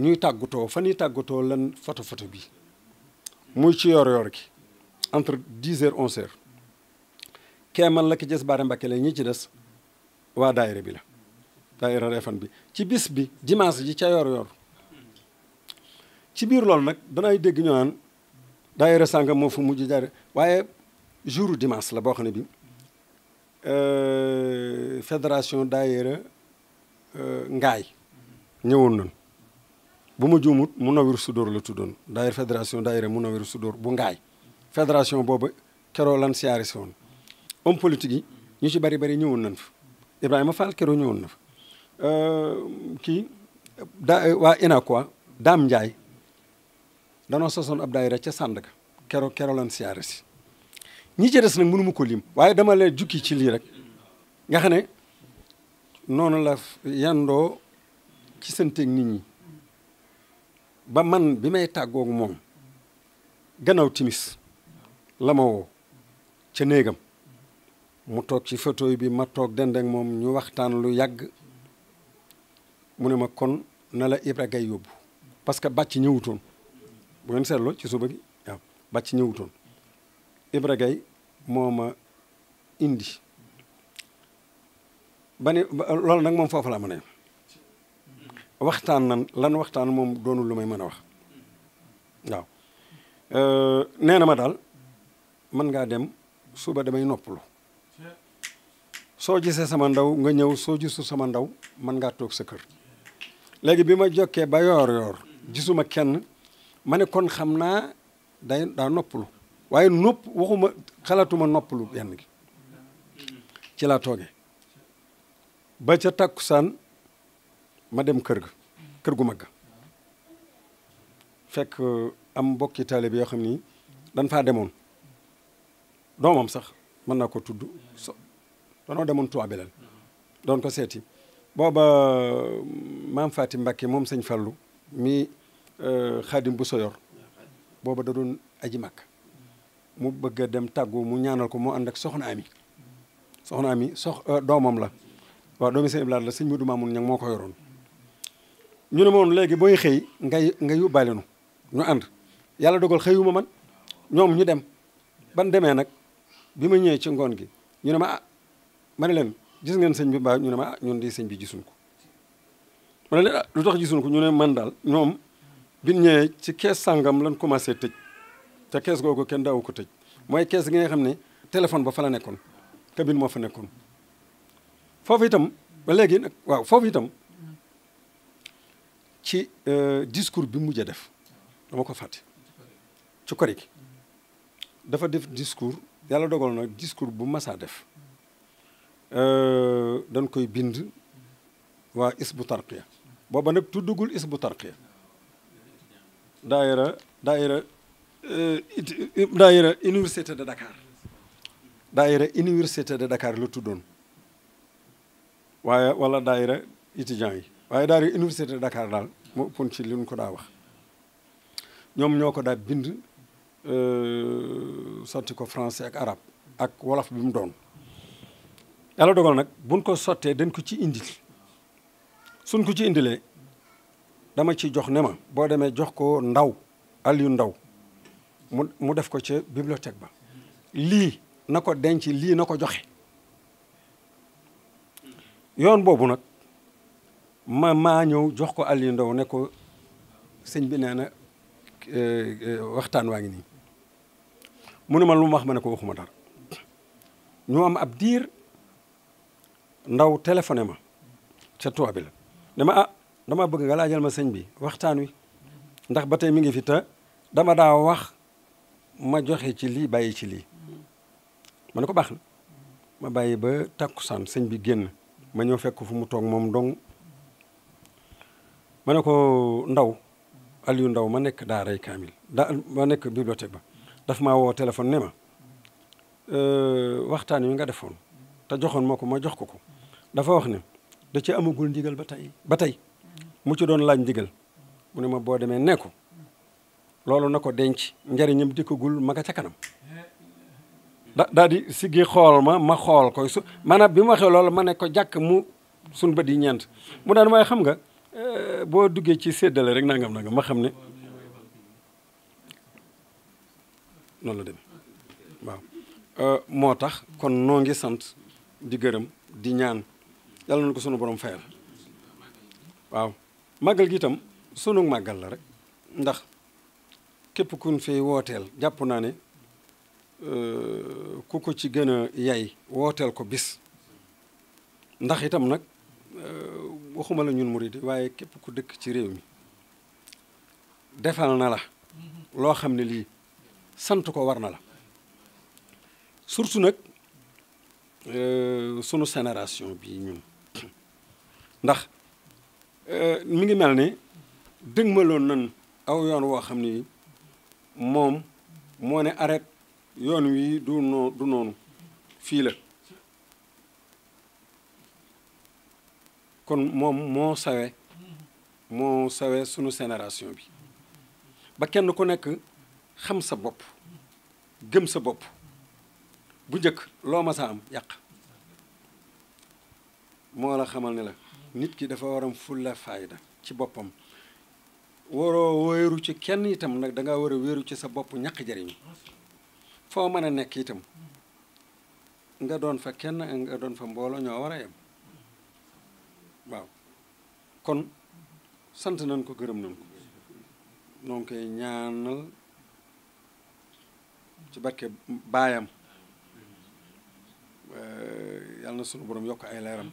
Speaker 3: ñuy tàggatoo fan ñuy tàggatoo lan photo photo bi muy ci yor-yor gi entre dix heures onze heures keemal la ki jës baare Mbàkke la ñi ci des waa daayira bi la daayira Refane bi ci bis bi dimanche ji ca yor-yor ci biir loolu nag danay dégg ñu naan daayira sàngam moo fa mujj daayira waaye jour dimanche la boo xam ne bi euh, fédération daayira euh, ngaay ñëwoon nañ bu mu juumut mu nawiru sudóor la tuddoon daayira fédération daayira mu nawiru sudóor bu ngaay fédération boobu keroo lan siyaare si woon homme politique ñu ci bari bari ñëwoon nañ fa Ibrahima Fall keroo ñëwoon na fa euh, kii daa waa ina quoi Dame Ndiaye danoo sosoon ab rek ca Sandaga kero kero lan siyaare si ñi ci des nag mënuma ko lim waaye dama leen jukki ci lii rek nga xam ne noonu la yandoo ci santeeg nit ñi ba man bi may tàggoog moom gannaaw timis la ma woo ca néegam mu toog ci fauteuil bi ma toog dend ak moom ñu waxtaan lu yàgg mu ne ma kon na la Ibra Gaye yóbbu parce que bàcc ñëwutoon bu ngeen seetloo ci suba gi waaw bàcc ñëwutoon Ibra Gaye moo ma indi ba ne loolu nag moom foofu laa mën a waxtaan nan lan waxtaan moom doonu lu may mën a wax waaw nee na ma daal man ngaa dem suba damay noppalu soo gisee sama ndaw nga ñëw soo gisu sama ndaw man ngaa toog sa kër léegi bi ma ba yoor yoor gisuma kenn ma ne kon xam naa day daa noppalu waaye nopp waxuma xalaatuma noppalu benn gi ci laa toogee ba ca takku tàkkusaan ma dem kër ga kër gu mag fekk uh, am mbokki taalibe yoo xam ni dañ faa demoon doomam sax mën naa ko tudd so danoo demoon Touba Belel doon ko seeti booba uh, maam Faati Mbàkke moom sëñ Fallu mi xaadim euh, bu soyor booba da doon aji màkk mu bëgg a dem tàggu mu ñaanal ko mu ànd ak soxna ami soxna ami sox euh, doomam la waaw doomi sëñ Ibrahima la sëñ Mudu Maamun ñang moo ko yoroon ñu ne moom léegi booy xëy ngay nga yóbbaale nu ñu ànd yàlla dogal xëyuma man ñoom ñu dem ban demee nag bi ma ñëwee ci ngoon gi ñu ne ma ah ne leen gis ngeen sëñ bi mbaa ñu ne ma ah di sëñ bi gisuñ ko ma ah, lu tax gisuñ ko ñu ne man daal ñoom biñ ñëwee ci kees sàngam lañ commencé tëj te kees googu kenn daawu ko tëj mooy kees gi nga xam ne téléphone ba fa la nekkoon cabine moo fa nekkoon foofu itam ba léegi nag waaw foofu itam ci euh, discours bi mujj a def dama ko fàtte ci kori dafa def discours yàlla dogal na discours bu masaa def euh, dañ koy bind waa is bu tarqiya booba nag tuddugul is bu tarqiya daayira daayira eh, eh, daayira université de Dakar daayira université de Dakar la tuddoon waaye wala daayira étudiants yi waaye daayira université de daal moo ëppoon ci li ko daa wax ñoom ñoo ko daa bind eh, sotti ko français ak arabe ak wolof bi mu doon yàlla dogal nag buñ ko sottee dañ ko ci indil suñ ko ci indilee dama ci jox ne ma boo demee jox ko ndaw Aliou Ndaw mu mu def ko ca bibliothèque ba lii na ko denc lii na ko joxe yoon boobu nag ma maa ñëw jox ko alliou Ndaw ne ko sëñ bi nee na eh, eh, waxtaan waa ngi nii mu ne ma lu ma wax ma ne ko waxuma dara ñu am ab diir ndaw téléphoné ma ca tubaab bi la dama ah dama bëgg nga laajal ma sëñ bi waxtaan wi ndax ba tey mi ngi fi te dama daa wax ma joxe ci lii bàyyi ci lii ma ne ko baax na ma bàyyi ba tàkkusaan sëñ bi génn ma ñëw fekk fu mu toog moom dong ma ne ko ndaw Aliou Ndaw ma nekk daaray kaamil da ma nekk bibliothèque ba daf maa woo téléphone ne ma waxtaan wi nga defoon te joxoon ma ko ma jox ko ko dafa wax ne da ci amagul ndigal ba tey ba tey mu ci doon laaj ndigal mu ne ma boo demee ne ko loolu na ko denc njariñam gul ma nga ca kanam da daal di siggi xool ma ma xool ko su maanaam bi ma waxee loolu ma ne ko jàkk mu sun ba yi ñent mu daan waaye xam nga eh, boo duggee ci séddale rek nangam nangam ma xam ne noonu la demee waaw eh, moo tax kon noo ngi sant di gërëm di ñaan yàlla na ko sunu borom fayal waaw màggal gi itam sunu màggal la rek ndax képp kun fi wooteel jàpp naa ne euh, ku ko ci gën a yay wooteel ko bis ndax itam nag euh, waxuma la ñun mu murid waaye képp ku dëkk ci réew mi defal na la loo xam ne lii sant ko war na la surtout nag euh, sunu génération bii ñun ndax Euh, mi ngi mel ni dëgmaloon nan aw yoon woo xam ni moom moo ne arrêt yoon wi du noonu fii la kon moom moo sawe moo sawe sunu sénération bi ba kenn ku nekk xam sa bopp gëm sa bopp bu njëkk loo ma sa am yàq moo la xamal ne la nit ki dafa waram fulla fayda ci boppam waroo wéeru ci kenn itam nag da nga war a wéeru ci sa bopp ñàkk jariñ foo mën a nekk itam nga doon fa kenn nga doon fa mbooloo ñoo war a waaw kon sant nañ ko gërëm nañ ko noo ngi koy ñaanal ci barke baayam yàlla na sunu borom yokk ay leeram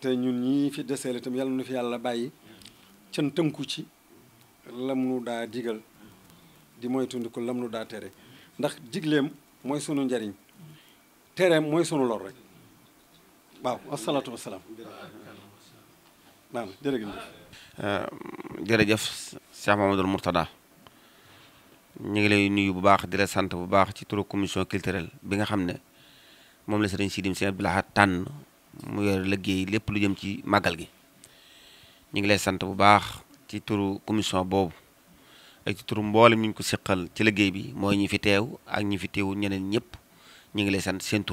Speaker 3: te ñun ñii fi deseele itam yàlla nu fi yàlla bàyyi can tënku ci lam nu daa digal di mooy tund ko lam nu daa tere ndax digleem mooy sunu njariñ tereem mooy sunu lor rek waaw asalaatu wasalaam waaw jërëjëf
Speaker 1: ehm, jërëjëf Cheikh ñu ngi lay nuyu bu baax di la sant bu baax ci turu commission culturel bi nga xam ne moom la sëriñ Sidim Sène Abdou Lahad tànn mu yor liggey lepp lu jëm ci magal gi ñi ngi lay sant bu baax ci turu commission bobu ak ci turu mbolam ñu ko sekkal ci liggey bi moy ñi fi tew ak ñi fi teewu ñeneen ñepp ñi ngi lay sant seen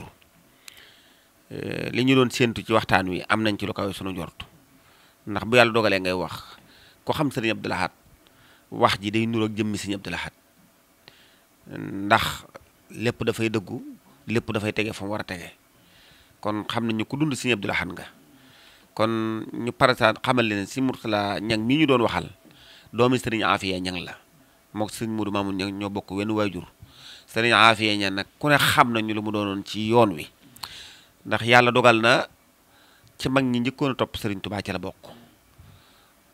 Speaker 1: euh li ñu doon sentu ci waxtaan wi am nañ ci lu kawé suñu jort ndax bu yalla dogalé ngay wax ko xam sëriñ abdullah hat wax ji day ak jëm sëriñ abdullah hat ndax lepp da fay deggu lepp da fay tege war wara tege kon xam nañu ku dund Serigne Abdoul han nga kon ñu parataan xamal leen si nyang ñang mii ñu doon waxal doomi Serigne Afia ñang la mok sin Modou mamun ñang ñoo bokk wenn wajur Serigne Afia ñang nag ku ne xam nañu lu mu doonoon ci yoon wi ndax yàlla dogal na ci mag ñi njëkkoon a topp chala Touba ci la bokku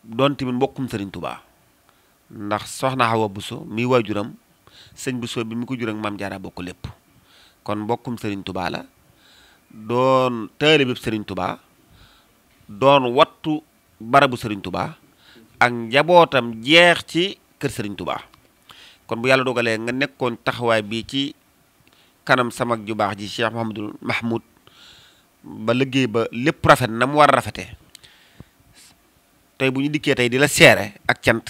Speaker 1: doon tamit mbokkum Serigne Touba ndax soxna mi wajuram sëñ busu bi mi ko jur ak maam kon bokum Serigne Touba la don taalibe Serigne Touba don wattu barabu Serigne Touba ak njabotam jeex ci keur Serigne Touba kon bu yalla dogale nga nekkon taxaway bi ci kanam sama ju bax ji Cheikh Mouhamadul Mahmoud ba liggey ba lepp rafet nam war rafeté tay buñu tay dila séré ak tiant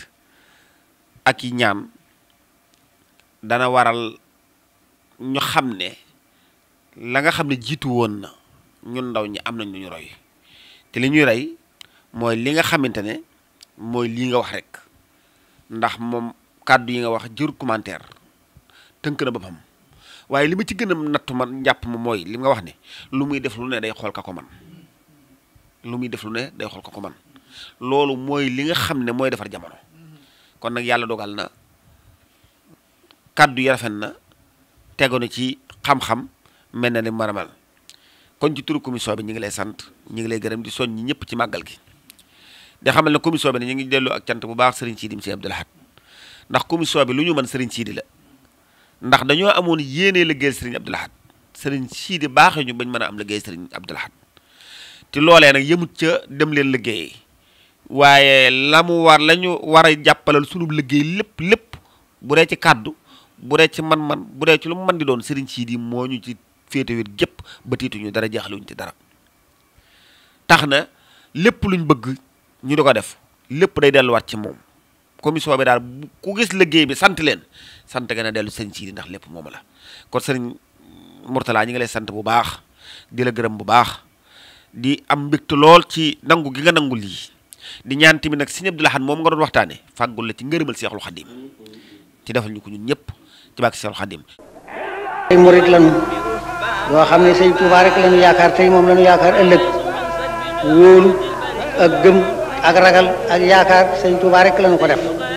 Speaker 1: ak ñaan dana waral ñu xamné la nga xam ne jiitu woon na ñun ndaw ñi am nañ lu ñu roy te li ñuy rey mooy li nga xamante ne mooy lii nga wax rek ndax moom kàddu yi nga wax jur commentaire tënk na boppam waaye li ma ci gën a nattu man njàpp ma mooy li nga wax ne lu muy def lu ne day xool ka ko man lu muy def ne day xool ko man loolu mooy li nga xam ne mooy defar jamono kon nag yàlla dogal na kàddu yi rafet na tegu na ci xam-xam mel ni maramal kon ci turu commission bi ñi ngi lay sant ñi ngi lay gërëm di soññ ñëpp ci magal gi di xamal na commission bi ñi ngi déllu ak cant bu baax serigne Sidi Moussa Abdoul hak ndax commission bi lu ñu mën Sidi la ndax dañoo amoon yene liggéeyal serigne Abdoul hak serigne Sidi baaxee ñu bañ mëna am liggéey serigne Abdoul hak ti lolé nak yëmut ci dem leen liggéey waaye lamu war lañu wara jappalal suñu liggéey lepp lepp bu re ci kaddu bu re ci man-man bu re ci lu man di doon serigne Sidi moñu ci féete wet gépp ba ñu dara jaaxluñ ci dara tax na lépp luñ bëgg ñu di ko def lépp day delluwaat ci moom commission bi daal ku gis liggéey bi sant leen sant gën a dellu sëñ Sidi ndax lépp moom la kon sëriñ Mourtala ñu ngi lay sant bu baax di la gërëm bu baax di am mbégte lool ci nangu gi nga nangu lii di ñaan tamit nag sëñ Abdou Lahad moom nga doon waxtaane fàggul la ci ngërëmal Seexul Xadim ci defal ñu ko ñun ñëpp ci bàkk Seexul Xadim yoo xam ne sëñ Touba rek la ñu yaakaar tey moom la ñu yaakaar ëllëg wóolu ak gëm ak ragal ak yaakaar sëñ Touba rek la ko def